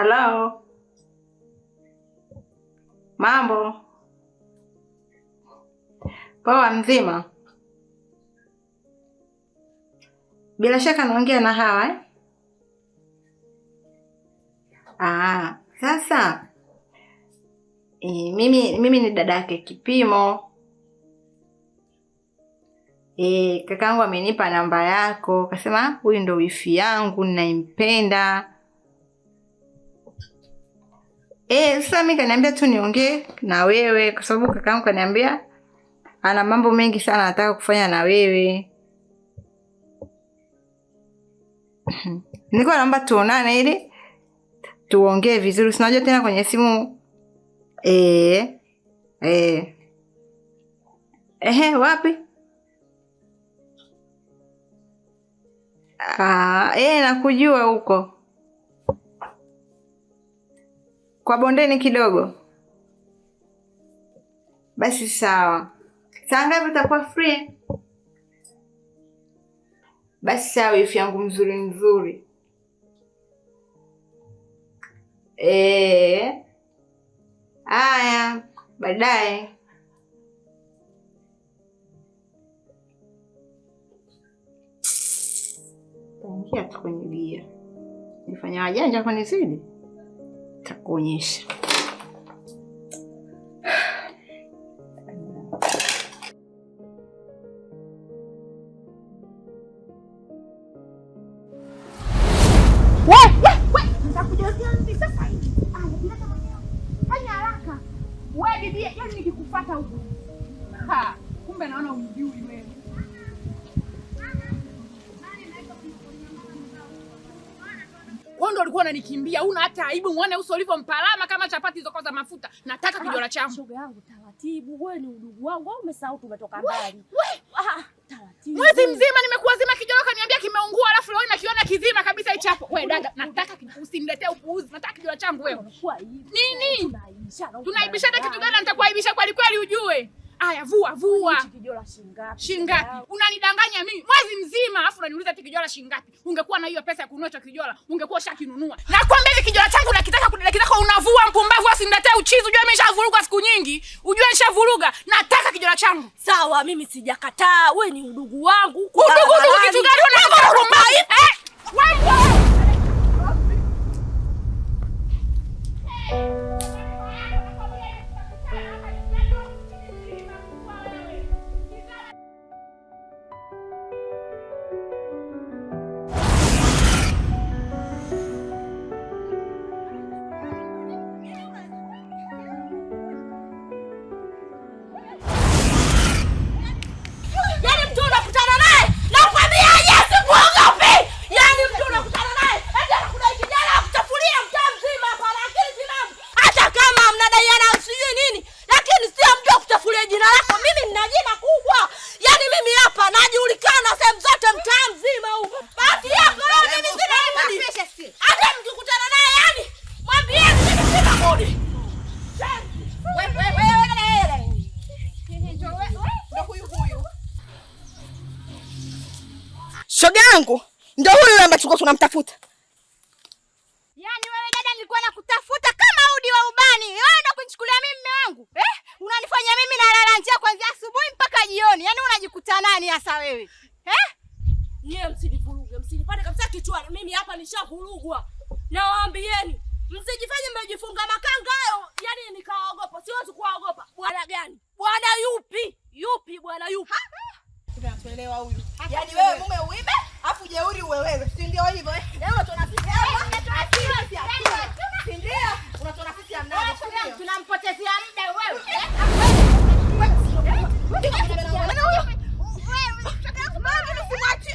Halo, mambo poa? Mzima bila shaka, naongea na Hawa eh? Ah, sasa e, mimi mimi ni dada yake Kipimo. E, kakaangu amenipa namba yako, kasema huyu ndo wifi yangu, naimpenda Eh, sasa mimi kaniambia tu niongee na wewe kwa sababu kakaangu kaniambia ana mambo mengi sana anataka kufanya na wewe. Nilikuwa naomba tuonane ili tuongee vizuri. Sinajua tena kwenye simu eh eh. Ehe, wapi? Ah, eh nakujua huko. kwa bondeni kidogo. Basi sawa. Saa ngapi utakuwa free? Basi sawa, ifu yangu mzuri mzuri. Eh, haya, baadaye. tangia tu kwenye bia, nifanya wajanja kunizidi. такой сердце. nakwambia una hata aibu, muone uso ulivyo mpalama kama chapati zoko za mafuta. Nataka ah, kijola changu. Shoga yangu taratibu, wewe ni udugu wangu au umesahau tumetoka mbali? Ah, Mwezi mzima nimekuazima kijola kaniambia kimeungua, alafu leo nakiona kizima kabisa ichapo. Wewe dada, nataka usiniletee upuuzi. Nataka kijola changu wewe. Nini? Tunaibishana kitu gani? Nitakuaibisha kweli kweli ujue. Aya, vua vua. Kijola shingapi? Shingapi? Unanidanganya mimi mwezi mzima, afu unaniuliza ati kijola shingapi? Ungekuwa na hiyo pesa ya kununua hicho kijola, ungekuwa ushakinunua. Nakwambia hivi kijola changu nakitaka kudekitaka, unavua mpumbavu, asiniletee uchizi. Unajua mimi nishavuruga siku nyingi, unajua nishavuruga. Nataka kijola changu. Sawa, mimi sijakataa. Wewe ni udugu wangu. Udugu ni kitu gani? Unaomba huruma. Eh, wewe kichwani. Mimi hapa nishahurugwa. Nawaambieni, msijifanye mmejifunga makanga hayo, yani nikaogopa. Siwezi kuwaogopa. Bwana gani? Bwana yupi? Yupi bwana yupi? Unatuelewa huyu. Yaani wewe mume uibe, afu jeuri uwe wewe. Si ndio hivyo eh? Leo tunafikia hapa. Si ndio? Unatoa nafasi ya Tunampotezea muda wewe. Wewe. Wewe. Wewe. Wewe.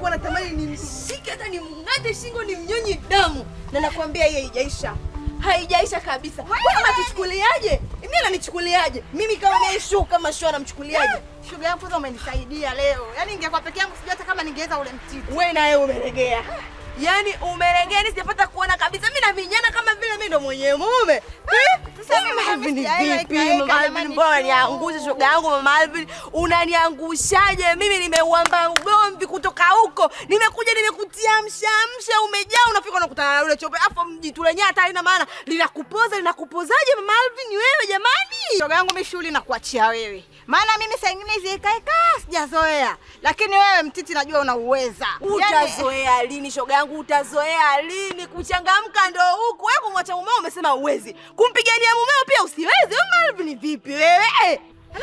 nilikuwa natamani nimshike hata nimng'ate shingo nimnyonye damu, na nakwambia hii haijaisha, haijaisha kabisa. Wewe unatuchukuliaje? Mimi nanichukuliaje? Mimi kama mimi shu kama shu anamchukuliaje? Shuga yangu kwanza umenisaidia leo. Yaani ningekuwa peke yangu sijui hata kama ningeweza ule mtiti. Wewe na yeye umelegea. Yaani umelegea, sijapata kuona kabisa. Mimi na minyana kama vile mimi ndo mwenye mume. Ah, eh? Sasa yaani, mimi Malvin vipi? Alvin mbona niangushe shoga yangu mama Alvin? Unaniangushaje? Mimi nimeuamba ugomvi kutoka huko. Nimekuja nimekutia mshamsha umejaa unafika unakutana na yule chope. Afu mjitu lenyewe hata haina maana. Linakupoza linakupozaje mama Alvin wewe jamani? Shoga yangu mimi shughuli na kuachia wewe maana mimi saa nyingine hizi ikaekaa sijazoea, lakini wewe mtiti, najua unauweza. Yaani- utazoea yani... lini shoga yangu, utazoea lini? Kuchangamka ndo huku wewe, kumwacha mumeo umesema uwezi, kumpigania mumeo pia usiwezi. Malvin ni vipi wewe? Eh.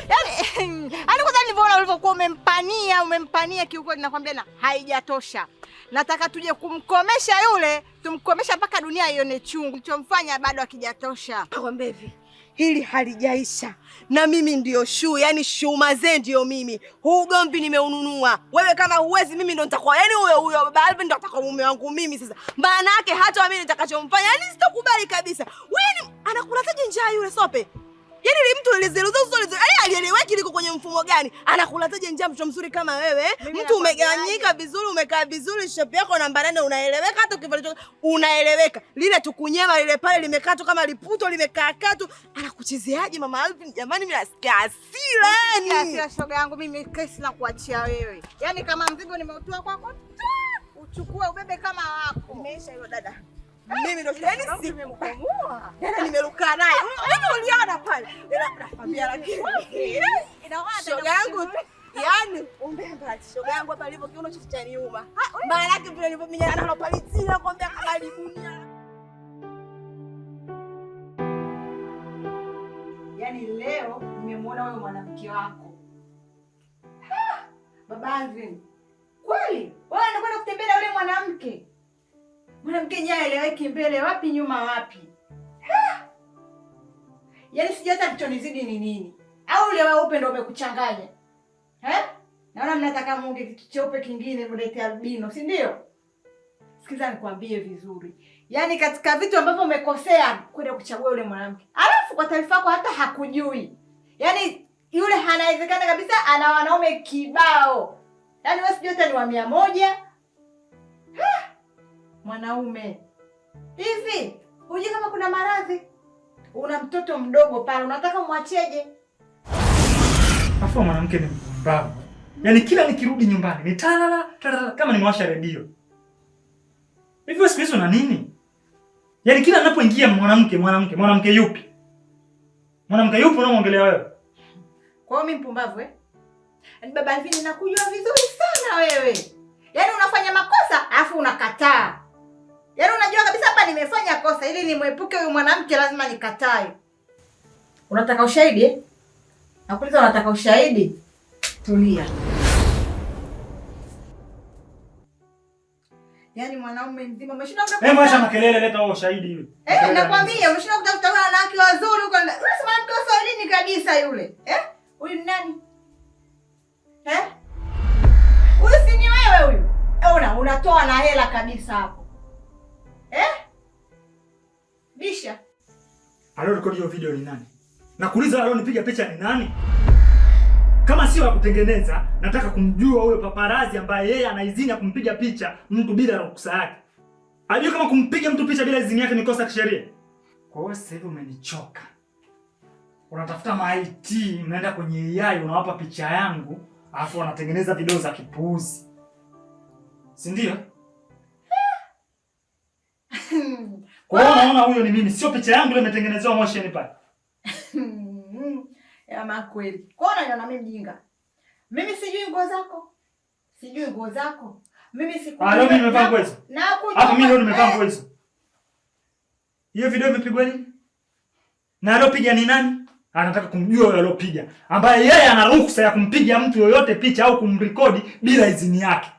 Yaani, yaani kwanza nilivyoona ulivyokuwa umempania umempania, kiukweli nakwambia, na haijatosha. Nataka tuje kumkomesha yule, tumkomesha mpaka dunia ione chungu. Kilichomfanya bado hakijatosha. Nakwambia hivi hili halijaisha na mimi ndiyo shuu, yani shuu mazee ndiyo mimi. Huu gombi nimeununua, wewe kama huwezi, mimi ndo nitakuwa yani huyo huyo baba Alvin ndo atakuwa mume wangu mimi. Sasa maana yake hata mimi nitakachomfanya, yani sitakubali kabisa. Wewe anakulataje njaa yule sope? Yaani ile mtu elezeloza uso elezeloza. Yaani eh, alieleweki liko kwenye mfumo gani? Anakulataje njia mtu mzuri kama wewe? Eh? Mtu umegawanyika vizuri, umekaa vizuri, shop yako namba nane unaeleweka hata ukivalicho unaeleweka. Lile tukunyema lile pale limekatwa kama liputo limekaa katu. Anakuchezeaje mama Alvin? Jamani mimi nasikia hasira. Hasira shoga yangu mimi kesi na kuachia wewe. Yaani kama mzigo nimeutua kwako. Uchukue ubebe kama wako. Imeisha hilo dada mimi ndo yaani, yaani nimeruka naye, Wewe yaani uliona pale yaani lakini. Ina shoga yangu, yaani umbea shoga yangu hapa alivyo kiuno cha chaniuma, maana yake vile nilivyomenyana nalo pale na kwambia karibu. Yaani leo nimemwona huyo mwanamke wako baba Andrew, kweli wewe unakwenda kutembea na yule mwanamke mwanamke nyaye aeleweki, mbele wapi nyuma wapi Yaani sijui hata kichonizidi ni nini, au ule weupe upendo umekuchanganya eh? Naona mnataka munge kitu cheupe kingine mlete albino, si ndio? Sikiza nikwambie vizuri, yaani katika vitu ambavyo umekosea kwenda kuchagua yule mwanamke, alafu kwa taarifa yako hata hakujui, yaani yule anawezekana kabisa ana wanaume kibao, yaani wewe sijui hata ni wa 100. ha! mwanaume. Hivi hujui kama kuna maradhi? Una mtoto mdogo pale, unataka mwacheje? Afu mwanamke ni mpumbavu. Yaani kila nikirudi nyumbani ni talala talala kama nimewasha redio. hivi. siku hizo na nini? Yaani kila ninapoingia mwanamke mwanamke mwanamke yupi? Mwanamke yupi unamwongelea wewe? Kwa hiyo mimi mpumbavu eh? Yaani baba hivi ninakujua vizuri sana wewe. Yaani unafanya makosa alafu unakataa. Yaani unajua kabisa hapa nimefanya kosa, ili nimwepuke huyu mwanamke lazima nikatae. Unataka ushahidi eh? Nakuuliza, unataka ushahidi? Tulia. Yaani mwanaume mzima umeshinda kutafuta. Eh, mwacha makelele, leta huo ushahidi hivi. Eh, nakwambia umeshinda kutafuta wanawake wazuri huko. Wewe sema mtu Swahili kabisa yule. Eh? Huyu ni nani? Eh? Huyu si ni wewe huyu. Eh, una unatoa na hela kabisa hapo. Eh? Bisha. Aliyorekodi hiyo video ni nani? Nakuuliza aliyonipiga picha ni nani? Kama sio ya kutengeneza, nataka kumjua huyo paparazi ambaye yeye ana idhini ya kumpiga picha mtu bila ruhusa yake. Ajue kama kumpiga mtu picha bila idhini yake ni kosa kisheria. Kwa hiyo sasa hivi umenichoka. Unatafuta maiti, unaenda kwenye AI unawapa picha yangu, alafu wanatengeneza video za kipuuzi. Si ndio? Kwa hiyo unaona huyo ni mimi, sio picha yangu ile imetengenezewa motion pale. Ama kweli. Kwa hiyo unaniona mimi mjinga. Mimi sijui nguo zako. Sijui nguo zako. Mimi siku. Ah, leo nimevaa nguo hizo. Na kujua. Hapo mimi leo nimevaa nguo eh. hizo. Hiyo video imepigwa lini? Na aliopiga ni nani? Anataka kumjua yule aliopiga, ambaye yeye ana ruhusa ya kumpiga mtu yoyote picha au kumrekodi bila idhini yake.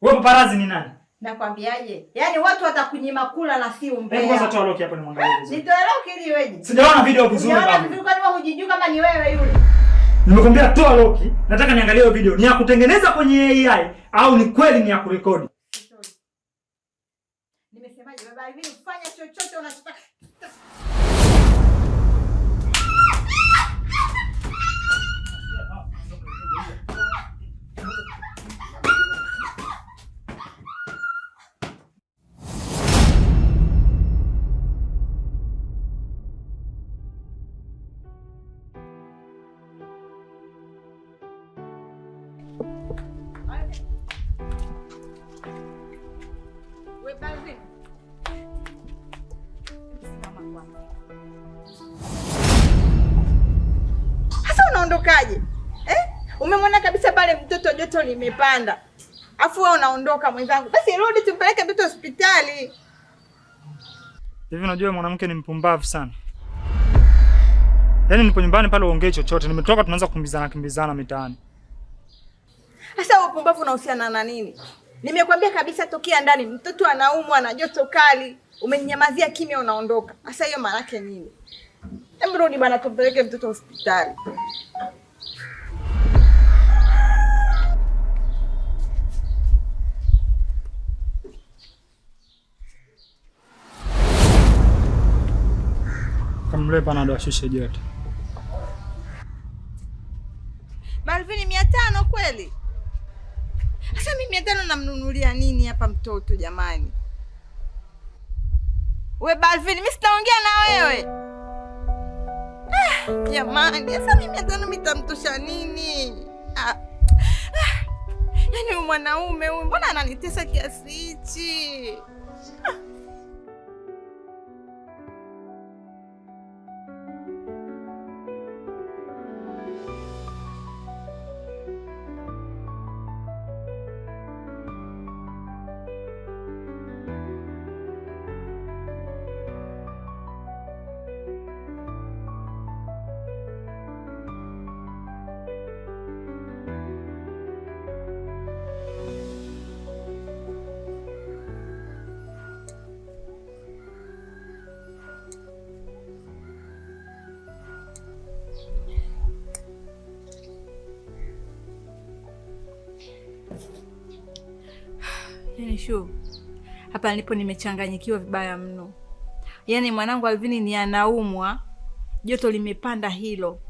Wewe paparazi ni nani? Nakwambiaje? Yaani watu watakunyima kula na si umbea. Hebu kwanza toa lock hapo nimwangalie vizuri. Nitoe lock ili iweje? Sijaona video vizuri baba. Ni vizuri kama hujijua kama ni wewe yule. Nimekwambia toa loki, nataka niangalie hiyo video. Ni ya kutengeneza kwenye AI au ni kweli ni ya kurekodi? Nimesemaje baba hivi ufanye chochote unachotaka. mwake. Sasa unaondokaje eh? Umemwona kabisa pale mtoto joto limepanda, afu wewe unaondoka mwenzangu. Basi rudi tumpeleke mtoto hospitali. Hivi unajua mwanamke ni mpumbavu sana. Yaani nipo nyumbani pale uongee chochote, nimetoka tunaanza kukimbizana kimbizana mitaani. Sasa upumbavu unahusiana na nini? Nimekwambia kabisa tokea ndani, mtoto anaumwa na joto kali umenyamazia kimya, unaondoka. Sasa hiyo maana yake nini? Hebu rudi bana, tumpeleke mtoto hospitali. Kamle panado ashishe joto. Malvini mia tano kweli? Sasa mimi mia tano namnunulia nini hapa mtoto jamani? We Balvin, mimi sitaongea na wewe. Ah, jamani, sasa mimi hata nitamtusha nini? Ah. Ah. Yaani mwanaume huyu mbona ananitesa kiasi hichi? Nishu, hapa nilipo nimechanganyikiwa vibaya mno. Yaani mwanangu Alvini ni anaumwa, joto limepanda hilo,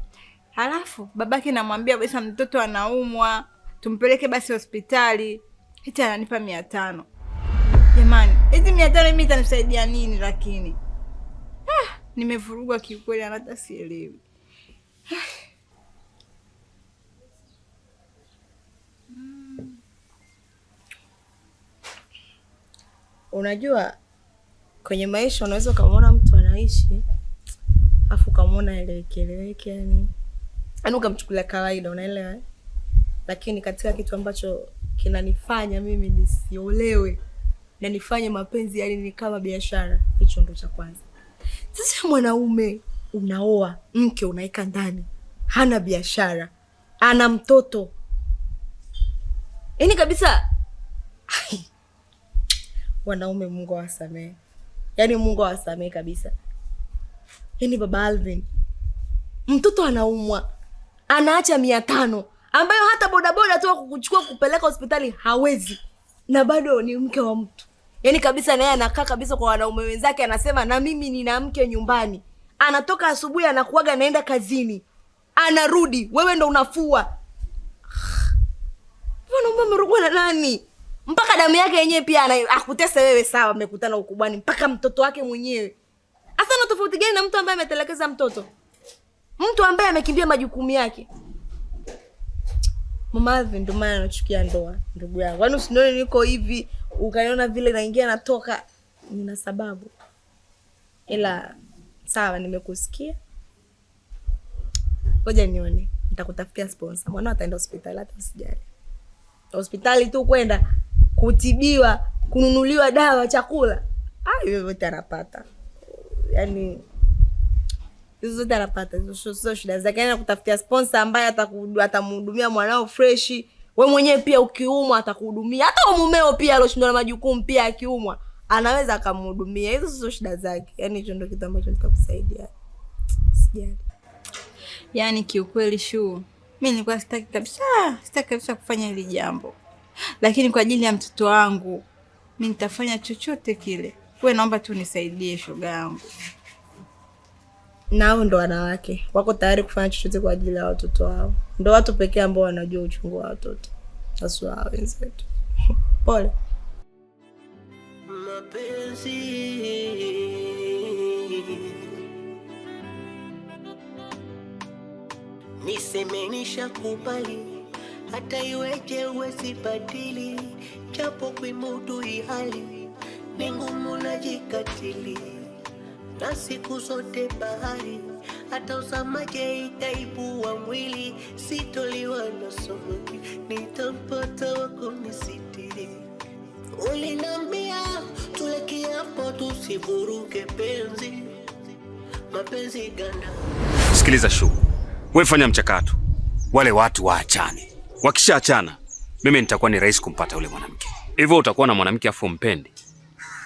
halafu babake namwambia kabisa, mtoto anaumwa, tumpeleke basi hospitali, hiti ananipa mia tano. Jamani, hizi mia tano mimi itanisaidia nini? Lakini ah, nimevurugwa kiukweli, hata sielewi. Unajua kwenye maisha unaweza ukamwona mtu anaishi afu ukamwona eleweke eleweke, yani ukamchukulia kawaida, unaelewa. Eh? Lakini katika kitu ambacho kinanifanya mimi nisiolewe na nifanye mapenzi, yani ni kama biashara, hicho ndo cha kwanza. Sasa mwanaume unaoa mke unaweka ndani, hana biashara, ana mtoto, yani kabisa Wanaume Mungu awasamehe, yaani Mungu awasamehe kabisa. Yaani baba Alvin, mtoto anaumwa, anaacha mia tano ambayo hata bodaboda tu kukuchukua kupeleka hospitali hawezi, na bado ni mke wa mtu. Yaani kabisa, naye anakaa kabisa kwa wanaume wenzake, anasema na mimi nina mke nyumbani. Anatoka asubuhi, anakuaga, anaenda kazini, anarudi, wewe ndo unafua. Wanaume wamerogwa na nani? mpaka damu yake yenyewe pia akutese wewe. Sawa, mmekutana ukubwani mpaka mtoto wake mwenyewe. Hasa na tofauti gani na mtu ambaye ametelekeza mtoto, mtu ambaye amekimbia majukumu yake? Mama Alvin, ndo maana anachukia ndoa, ndugu yangu. Yaani usinione niko hivi ukaniona vile naingia natoka, nina sababu. Ila sawa, nimekusikia, ngoja nione, nitakutafutia sponsor. Mwanao ataenda hospitali, hata usijali, hospitali tu kwenda kutibiwa, kununuliwa dawa, chakula, ah, hivyo yote anapata. Yani hizo zote anapata, sio shida zake. Yani kutafutia sponsor ambaye atamhudumia mwanao freshi. We mwenyewe pia ukiumwa atakuhudumia, hata mumeo pia aloshindwa na majukumu pia akiumwa anaweza akamhudumia. Hizo sio shida zake. Yani hicho ndo kitu ambacho nitakusaidia. Sijali yani kiukweli, shuu, mi nilikuwa sitaki kabisa, sitaki kabisa kufanya hili jambo lakini kwa ajili ya mtoto wangu mi nitafanya chochote kile. Wewe naomba tu nisaidie shoga yangu. Nao ndo wanawake wako tayari kufanya chochote kwa ajili ya watoto wao, ndo watu pekee ambao wanajua uchungu wa watoto haswa wenzetu. Pole mapenzi nisemenisha kubali hata iweje uwezibadili, japo kuimudu hali ni ngumu, najikatili na siku zote bahari, hata uzamaje wa mwili, sitoliwa na somoki, nitampata wako kunisitiri. Ulinambia tule kiapo tusivuruke penzi, mapenzi ganda. Sikiliza shu wefanya mchakato, wale watu waachane. Wakishaachana mimi nitakuwa ni rahisi kumpata yule mwanamke. Hivyo utakuwa na mwanamke afu mpendi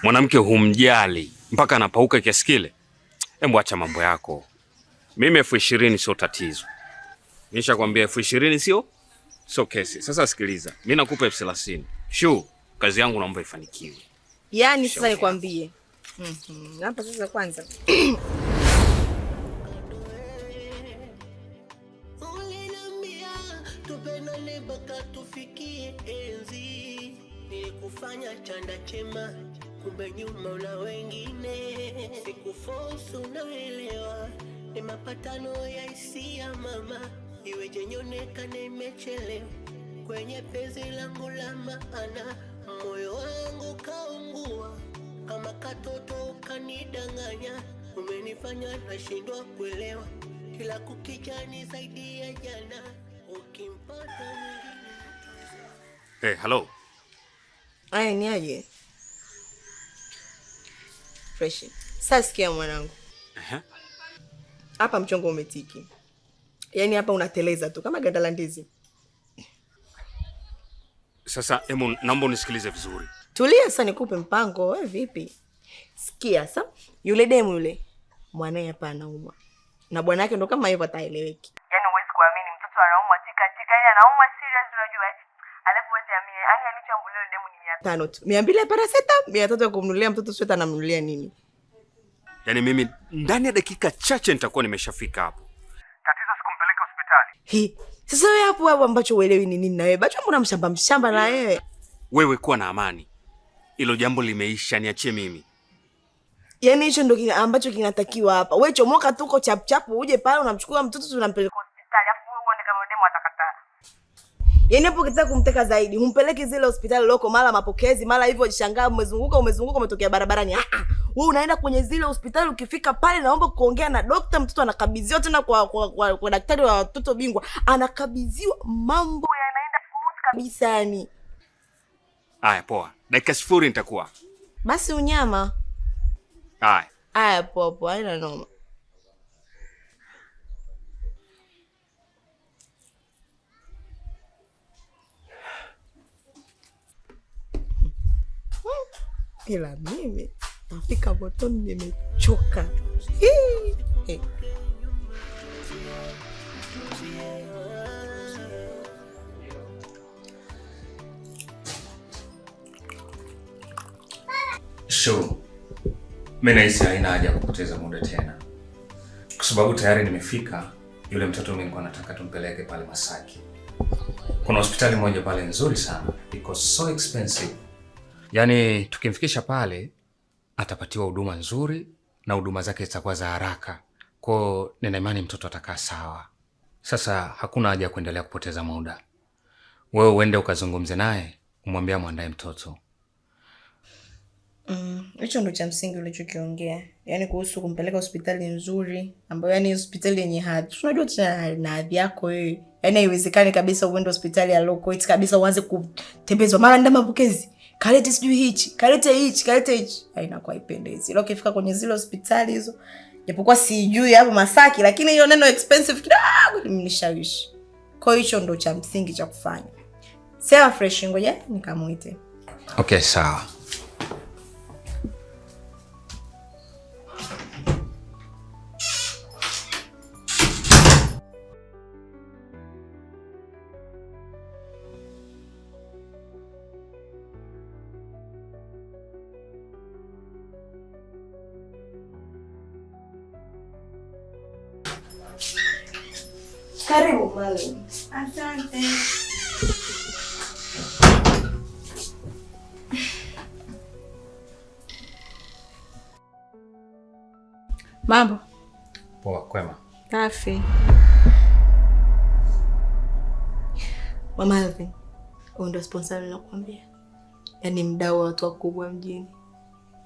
mwanamke, humjali mpaka anapauka kiasi kile. Hebu acha mambo yako, mimi elfu ishirini sio tatizo. Nisha kwambia elfu ishirini sio sio kesi. Sasa sikiliza, mi nakupa elfu thelathini shu, kazi yangu naomba ifanikiwe. Yani sasa nikwambie, mm -hmm. Hapa sasa kwanza tupendane baka tufikie enzi, nilikufanya chanda chema, kumbe nyuma una wengine. Sikufosu, naelewa ni mapatano ya hisia mama, iweje nyonekane imechelewa kwenye penzi langu la maana. Moyo wangu kaungua kama katoto, ukanidanganya, umenifanya nashindwa kuelewa kila kukicha ni zaidi ya jana. Eh, hello. Aya, ni aje fresh. Sasa sikia mwanangu, hapa Mchongo umetiki, yaani hapa unateleza tu kama ganda la ndizi. Sasa emu, naomba unisikilize vizuri. Tulia sasa, nikupe mpango. Wewe vipi? Sikia sasa, yule demu yule mwanae hapa anaumwa na bwanake, ndo kama hivyo, ataeleweki katika ile anaumwa serious, unajua eh. alafu wote amini yani alichambulio demu ni mia tano tu, mia mbili ya paraseta, mia tatu ya kumnulia mtoto sweta, anamnunulia nini? yani mimi ndani ya dakika chache nitakuwa nimeshafika hapo. Tatizo sikumpeleka hospitali. Hi. Sasa wewe hapo hapo ambacho uelewi ni nini na wewe? Bacho mbona mshamba mshamba na mm. wewe? Wewe kuwa na amani. Hilo jambo limeisha, niachie mimi. yani hicho ndio ambacho kinatakiwa hapa. Wewe chomoka tuko chap chap uje pale unamchukua mtoto tunampeleka Yaani hapo ukitaka kumteka zaidi, humpeleki zile hospitali loko mara mapokezi, mara hivyo jishangaa umezunguka umezunguka umetokea barabarani. Ah ah. Wewe unaenda kwenye zile hospitali ukifika pale naomba kuongea na dokta, mtoto anakabidhiwa tena kwa kwa, kwa, kwa daktari wa watoto bingwa, anakabidhiwa mambo yanaenda smooth kabisa yani. Aya poa. Dakika sifuri nitakuwa. Basi unyama. Aya. Aya poa poa, haina noma. ila mimi nafika motoni nimechoka. Sure. Mimi nahisi haina haja ya kupoteza muda tena, kwa sababu tayari nimefika. Yule mtoto mimi nilikuwa nataka tumpeleke pale Masaki. Kuna hospitali moja pale nzuri sana, iko so expensive Yaani tukimfikisha pale atapatiwa huduma nzuri na huduma zake zitakuwa za haraka, kwao nina imani mtoto atakaa sawa. Sasa hakuna haja ya kuendelea kupoteza muda, wewe uende ukazungumze naye, umwambia mwandae mtoto mm, hicho mm, ndo cha msingi ulichokiongea, yaani kuhusu kumpeleka hospitali nzuri ambayo, yani hospitali yenye hadhi. Unajua tuna na hadhi yako wewe, yani haiwezekani kabisa uende hospitali ya low kabisa uanze kutembezwa mara nda mapokezi kalete sijui hichi kalete hichi kalete hichi, inakuwa ipendezi. Ila ukifika kwenye zile hospitali hizo, japokuwa sijui hapo Masaki, lakini hiyo neno expensive kidogo nimeshawishi. Kwa hiyo hicho ndo cha msingi cha kufanya. Sawa fresh, ngoja nikamuite. Okay, sawa. Karibu Malum. Asante. Mambo poa? Kwema. Safi. Mama Alvin, huyu ndio sponsor ninakwambia, yaani mdau wa watu wakubwa mjini.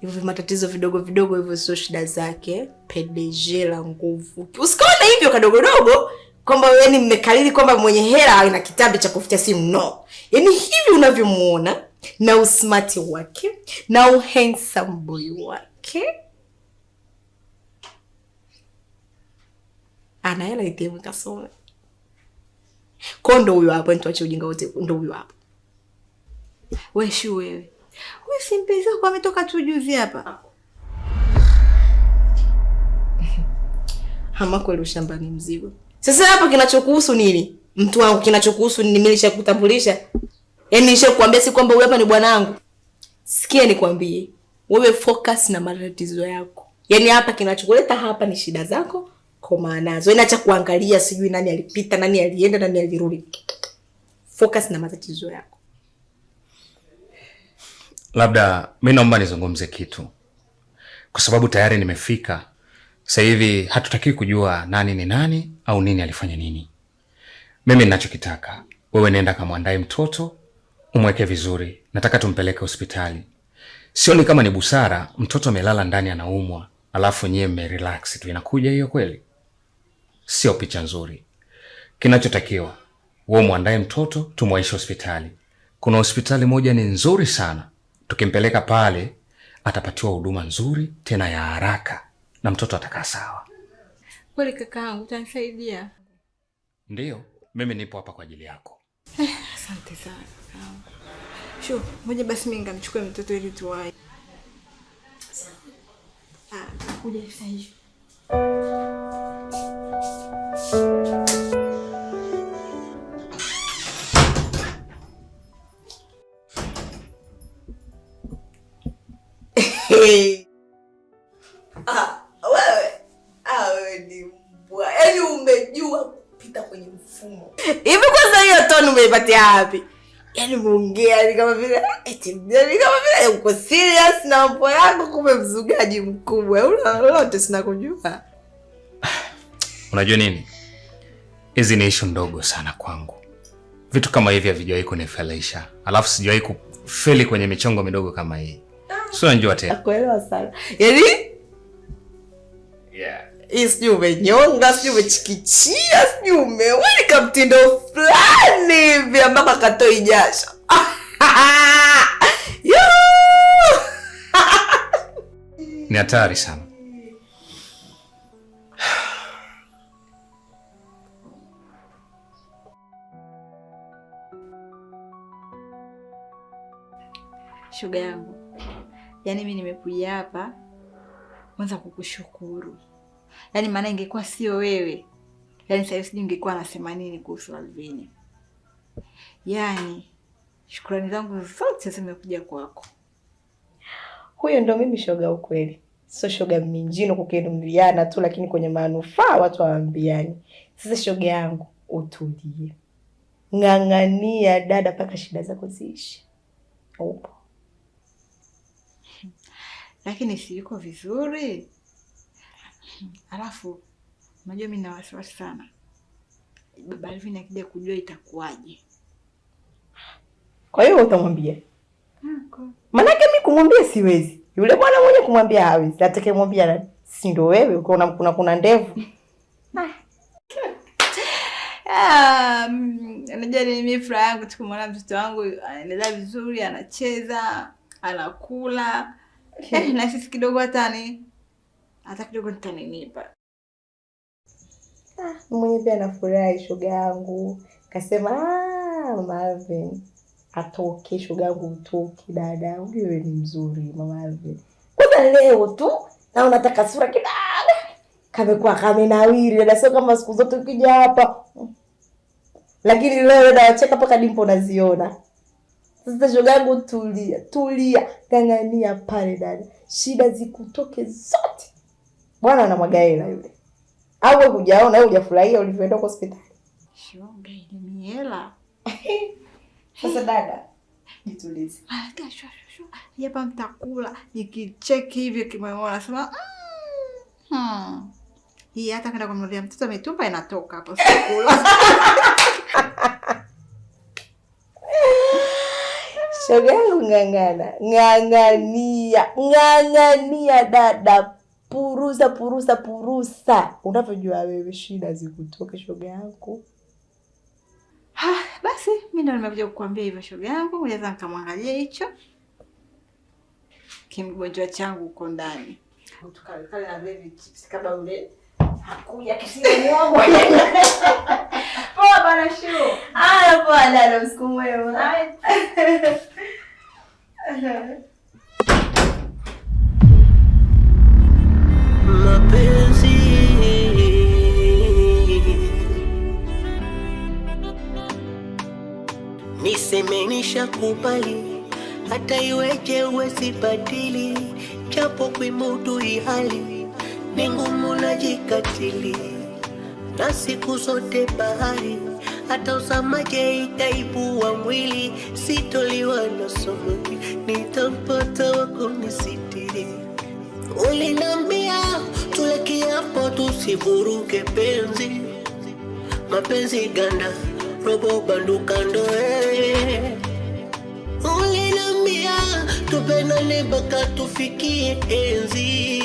Hivyo matatizo vidogo vidogo hivyo sio shida zake, PDG la nguvu. Usikao hivyo kadogodogo kwamba yani mmekariri kwamba mwenye hela ana kitambi cha kufutia simu no. Yani hivi unavyomuona na usmati wake na uhandsome boy wake, ana hela itemu kasome ko ndo huyo hapo, nituache ujinga wote, ndo huyo hapo. Weshu wewe, huyu simpenzi wako ametoka tu juzi hapa hamako ile ni mzigo. Sasa hapo kinachokuhusu nini? Mtu wangu kinachokuhusu nini? Mimi nishakutambulisha. Yaani nishakwambia si kwamba huyu hapa ni bwanangu. Sikia nikwambie. Wewe focus na matatizo yako. Yaani hapa kinachokuleta hapa ni shida zako koma nazo. Yaani acha kuangalia sijui nani alipita, nani alienda, nani alirudi. Focus na matatizo yako. Labda mimi naomba nizungumze kitu. Kwa sababu tayari nimefika sahivi hatutakiwi kujua nani ni nani au nini alifanya nini. Mimi ninachokitaka wewe, nenda kamwandae mtoto umweke vizuri, nataka tumpeleke hospitali. Sioni kama ni busara, mtoto amelala ndani anaumwa, alafu nyie mmerelax tu. Inakuja hiyo kweli? Sio picha nzuri. Kinachotakiwa we mwandae mtoto tumwaishe hospitali. Kuna hospitali moja ni nzuri sana, tukimpeleka pale atapatiwa huduma nzuri tena ya haraka na mtoto atakaa sawa. Kweli kakaangu, utanisaidia? Ndiyo, mimi nipo hapa kwa ajili yako. Eh, asante sana Shu, moja basi mimi ngamchukue mtoto ili tuwai. Ah. mfumo hivi. Kwanza hiyo toni umeipatia wapi? Yaani umeongea ni kama vile eti ni kama vile uko serious na mambo yako, kumbe mzugaji mkubwa. Una lolote sina kujua. Unajua nini, hizi ni issue ndogo sana kwangu. Vitu kama hivi havijawahi kunifurahisha, alafu sijawahi kufeli kwenye michongo midogo kama hii. Ah. Sio, unajua tena. Nakuelewa sana yaani hii sijui umenyonga, sijui umechikichia, sijui umeweka mtindo fulani hivi ambapo akatoi jasho ni hatari sana. shuga yangu, yaani mi nimekuja hapa kwanza kukushukuru yaani maana ingekuwa sio wewe, yaani sasa sijui ningekuwa nasema nini kuhusu Alvini. Yaani shukrani zangu zote zimekuja kwako. Huyo ndo mimi shoga, ukweli sio shoga minjino kukinuliana tu, lakini kwenye manufaa watu waambiani. Sasa shoga yangu, utulie, ng'ang'ania dada mpaka shida zako ziishi. Upo lakini siiko vizuri Alafu unajua mimi na wasiwasi sana, baba Alvin akija kujua itakuwaje? Kwa hiyo utamwambia? Ah, Maanake mi kumwambia siwezi, yule bwana mmoja kumwambia hawezi, atakemwambia nani? Si ndio wewe? Ukaona kuna kuna ndevu ah. Ah, mm, Unajua um, mimi furaha yangu tu kumwona mtoto wangu anaendelea vizuri, anacheza, anakula. Eh, na sisi kidogo hata ni hata kidogo ah, mwenye pia anafurahi. Shoga yangu kasema ah, Marvin atoke, shoga yangu utoke, dada ujiwe ni mzuri mama Marvin. Kwanza leo tu na unataka sura kidogo kamekuwa kamenawiri, dada, sio kama siku zote ukija hapa, lakini leo dada, wacheka mpaka dimpo naziona Sasa shoga yangu, tulia tulia, ng'ang'ania pale dada, shida zikutoke zote Bwana anamwaga hela yule. Au wewe hujaona, wewe hujafurahia ulivyoenda kwa hospitali? Shoga ile ni hela. Sasa dada, jitulize. Ah, shwa shwa. Yapa mtakula nikicheki hivi kimoyo nasema ah, hmm. Hii hata kwenda kumnulia mtoto mitumba inatoka hapo sikula. Shoga ng'ang'ana, ng'ang'ania, ng'ang'ania dada purusa purusa purusa, unavyojua wewe, shida zikutoke shoga yangu. Ha, basi mimi ndo nimekuja kukuambia hivyo shoga yangu, unaweza nikamwangalia hicho kimgonjwa changu uko ndani kukubali, hata iweje uwezi badili, japo kuimudu hali ni ngumu, na siku zote bahari, hata usamaje itaibu wa mwili, sitoliwa na somoki, nitampata wa kunisitiri. tule kiapo tusivuruke penzi, mapenzi ganda robo banduka ndoe ulinambia tupendane mpaka tufikie enzi